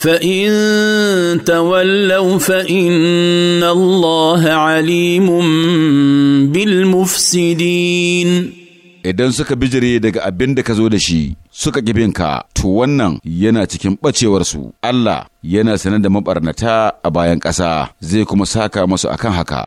فان تولوا فان الله عليم بالمفسدين idan suka bijire daga abin da ka zo da shi suka ƙi ka to wannan yana cikin ɓacewarsu Allah yana sanar da mabarnata a bayan ƙasa zai kuma saka masu akan haka